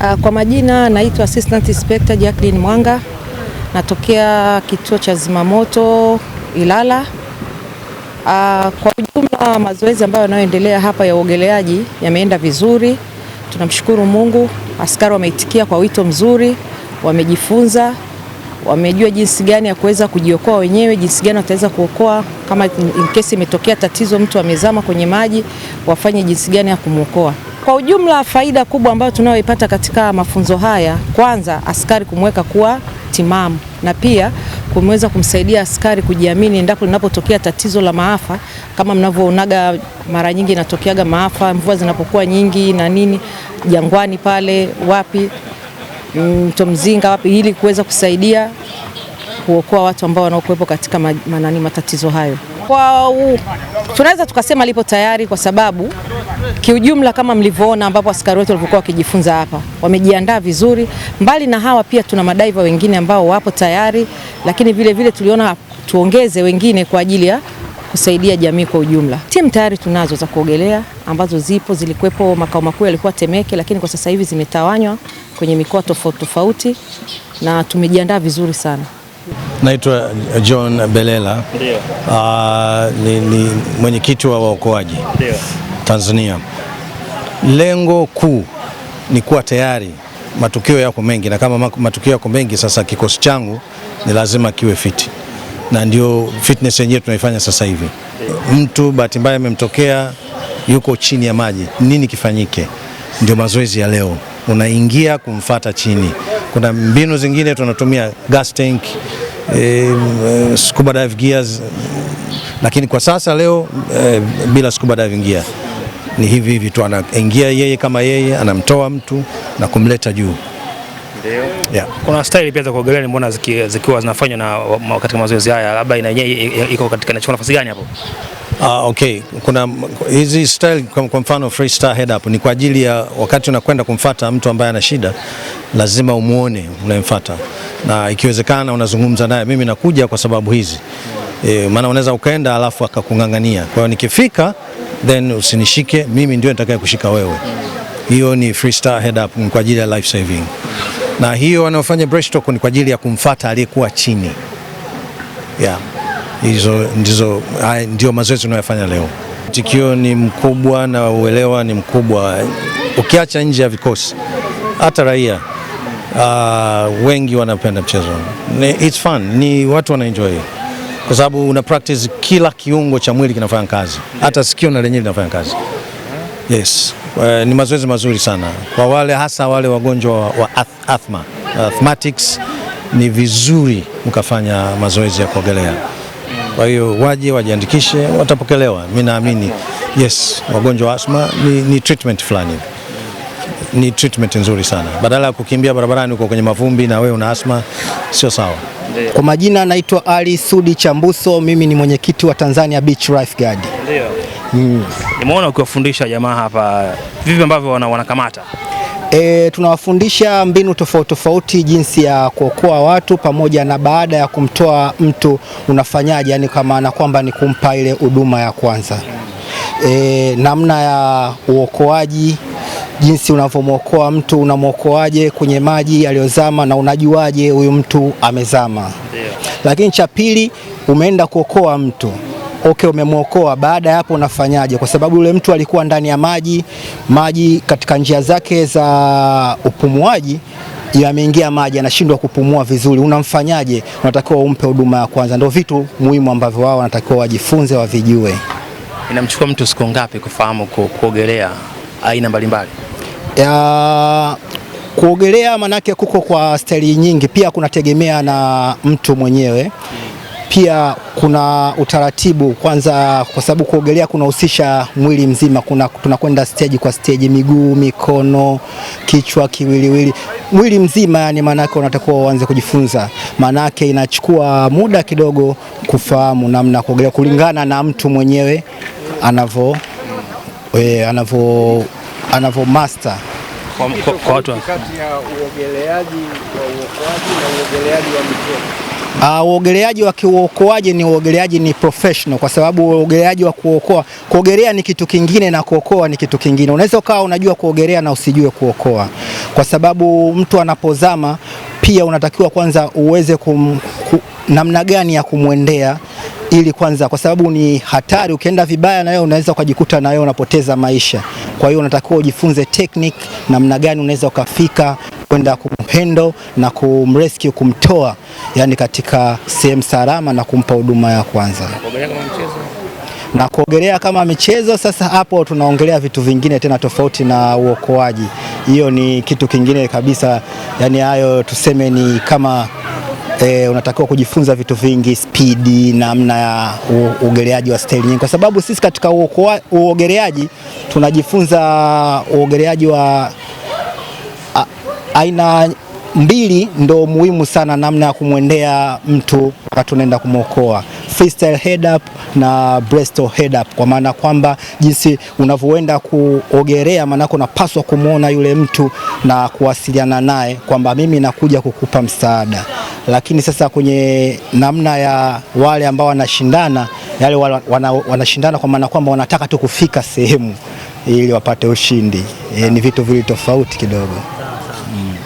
Ah, kwa majina naitwa Assistant Inspector Jacqueline Mwanga, natokea kituo cha zimamoto Ilala. Ah, kwa ujumla mazoezi ambayo yanayoendelea hapa ya uogeleaji yameenda vizuri, tunamshukuru Mungu. Askari wameitikia kwa wito mzuri, wamejifunza, wamejua jinsi gani ya kuweza kujiokoa wenyewe, jinsi gani wataweza kuokoa kama in kesi imetokea tatizo, mtu amezama kwenye maji, wafanye jinsi gani ya kumwokoa. Kwa ujumla, faida kubwa ambayo tunayoipata katika mafunzo haya, kwanza askari kumweka kuwa timamu na pia kumeweza kumsaidia askari kujiamini endapo linapotokea tatizo la maafa. Kama mnavyoonaga, mara nyingi inatokeaga maafa mvua zinapokuwa nyingi na nini, jangwani pale, wapi, mto Mzinga, wapi, ili kuweza kusaidia kuokoa watu ambao wanaokuwepo katika manani matatizo hayo. Kwa tunaweza tukasema lipo tayari kwa sababu Kiujumla kama mlivyoona ambapo askari wetu walivyokuwa wakijifunza hapa, wamejiandaa vizuri. Mbali na hawa, pia tuna madaiva wengine ambao wapo tayari, lakini vile vile tuliona tuongeze wengine kwa ajili ya kusaidia jamii kwa ujumla. Timu tayari tunazo za kuogelea ambazo zipo, zilikuwepo makao makuu yalikuwa Temeke, lakini kwa sasa hivi zimetawanywa kwenye mikoa tofauti tofauti na tumejiandaa vizuri sana. Naitwa John Belela. Ndiyo. Uh, ah, ni, ni mwenyekiti wa waokoaji. Tanzania. Lengo kuu ni kuwa tayari matukio yako mengi, na kama matukio yako mengi, sasa kikosi changu ni lazima kiwe fiti, na ndio fitness yenyewe tunaifanya sasa hivi. Mtu bahati mbaya amemtokea yuko chini ya maji, nini kifanyike? Ndio mazoezi ya leo, unaingia kumfata chini. Kuna mbinu zingine tunatumia gas tank, e, scuba dive gears, lakini kwa sasa leo e, bila scuba dive gear ni hivi hivi tu, anaingia yeye kama yeye, anamtoa mtu na kumleta juu. Yeah. Kuna staili pia za kuogelea nimeona zikiwa ziki zinafanywa na katika mazoezi haya, labda ina yenyewe iko katika inachukua nafasi gani hapo? Ah, okay. Kuna hizi style kwa mfano freestyle head up ni kwa ajili ya wakati unakwenda kumfata mtu ambaye ana shida, lazima umuone unayemfata, na ikiwezekana unazungumza naye, mimi nakuja kwa sababu hizi e, maana unaweza ukaenda alafu akakung'ang'ania. Kwa hiyo nikifika then usinishike mimi, ndio nitakaye kushika wewe. Hiyo ni star head up, kwa ajili ya life saving, na hiyo wanaofanya breaststroke ni kwa ajili ya kumfata aliyekuwa chini yeah. Hizo ndizo ndio mazoezi tunayofanya leo. Tikio ni mkubwa na uelewa ni mkubwa, ukiacha nje ya vikosi, hata raia uh, wengi wanapenda mchezo. It's fun, ni watu wanaenjoy kwa sababu una practice kila kiungo cha mwili kinafanya kazi, hata sikio na lenyewe linafanya kazi. Uh-huh. Yes, eh, ni mazoezi mazuri sana kwa wale hasa wale wagonjwa wa asthma, asthmatics, ni vizuri mkafanya mazoezi ya kuogelea. Kwa hiyo waje wajiandikishe, watapokelewa. Mimi naamini yes, wagonjwa wa asthma ni, ni treatment fulani ni treatment nzuri sana, badala ya kukimbia barabarani uko kwenye mavumbi na wewe una asma, sio sawa. Kwa majina naitwa Ali Sudi Chambuso, mimi ni mwenyekiti wa Tanzania Beach Lifeguard. Ndio. Mm. Nimeona ukiwafundisha jamaa hapa vipi ambavyo wana, wanakamata E, tunawafundisha mbinu tofauti tofauti jinsi ya kuokoa watu pamoja na baada ya kumtoa mtu unafanyaje, yani kwa maana kwamba ni kumpa ile huduma ya kwanza mm. e, namna ya uokoaji jinsi unavyomwokoa mtu, unamwokoaje kwenye maji aliyozama na unajuaje huyu mtu amezama? Lakini cha pili, umeenda kuokoa mtu Okay, umemwokoa. Baada ya hapo unafanyaje? Kwa sababu yule mtu alikuwa ndani ya maji, maji katika njia zake za upumuaji yameingia maji, anashindwa kupumua vizuri, unamfanyaje? Unatakiwa umpe huduma ya kwanza. Ndio vitu muhimu ambavyo wao wanatakiwa wajifunze, wavijue. Inamchukua mtu siku ngapi kufahamu kuogelea? aina mbalimbali ya kuogelea? Manake kuko kwa staili nyingi, pia kunategemea na mtu mwenyewe pia kuna utaratibu kwanza, kwa sababu kuogelea kunahusisha mwili mzima. Kuna tunakwenda stage kwa stage, miguu, mikono, kichwa, kiwiliwili, mwili mzima yani, manake unatakiwa uanze kujifunza, maanake inachukua muda kidogo kufahamu namna kuogelea, kulingana na mtu mwenyewe anavyo e, anavyo master kwa watu kati ya uogeleaji wa uokoaji na uogeleaji wa michezo. Uh, uogeleaji wa kiuokoaji ni uogeleaji ni professional, kwa sababu uogeleaji wa kuokoa, kuogelea ni kitu kingine na kuokoa ni kitu kingine. Unaweza ukawa unajua kuogelea na usijue kuokoa, kwa sababu mtu anapozama pia unatakiwa kwanza uweze kum, ku, namna gani ya kumwendea ili kwanza, kwa sababu ni hatari. Ukienda vibaya na wewe unaweza ukajikuta na wewe unapoteza maisha. Kwa hiyo unatakiwa ujifunze technique, namna gani unaweza ukafika kwenda kumhendo na kumrescue, kumtoa yani katika sehemu salama na kumpa huduma ya kwanza na kuogelea kama michezo. Sasa hapo tunaongelea vitu vingine tena tofauti na uokoaji, hiyo ni kitu kingine kabisa. Yani hayo tuseme ni kama e, unatakiwa kujifunza vitu vingi, spidi, namna ya uogeleaji wa staili nyingi, kwa sababu sisi katika uogeleaji tunajifunza uogeleaji wa a, aina mbili ndo muhimu sana, namna ya kumwendea mtu wakati unaenda kumwokoa, freestyle head up na breastle head up, kwa maana kwamba jinsi unavyoenda kuogerea maanake unapaswa kumwona yule mtu na kuwasiliana naye kwamba mimi nakuja kukupa msaada lakini sasa kwenye namna ya wale ambao wanashindana, yale wana, wanashindana kwa maana kwamba wanataka tu kufika sehemu ili wapate ushindi e, ni vitu vili tofauti kidogo mm.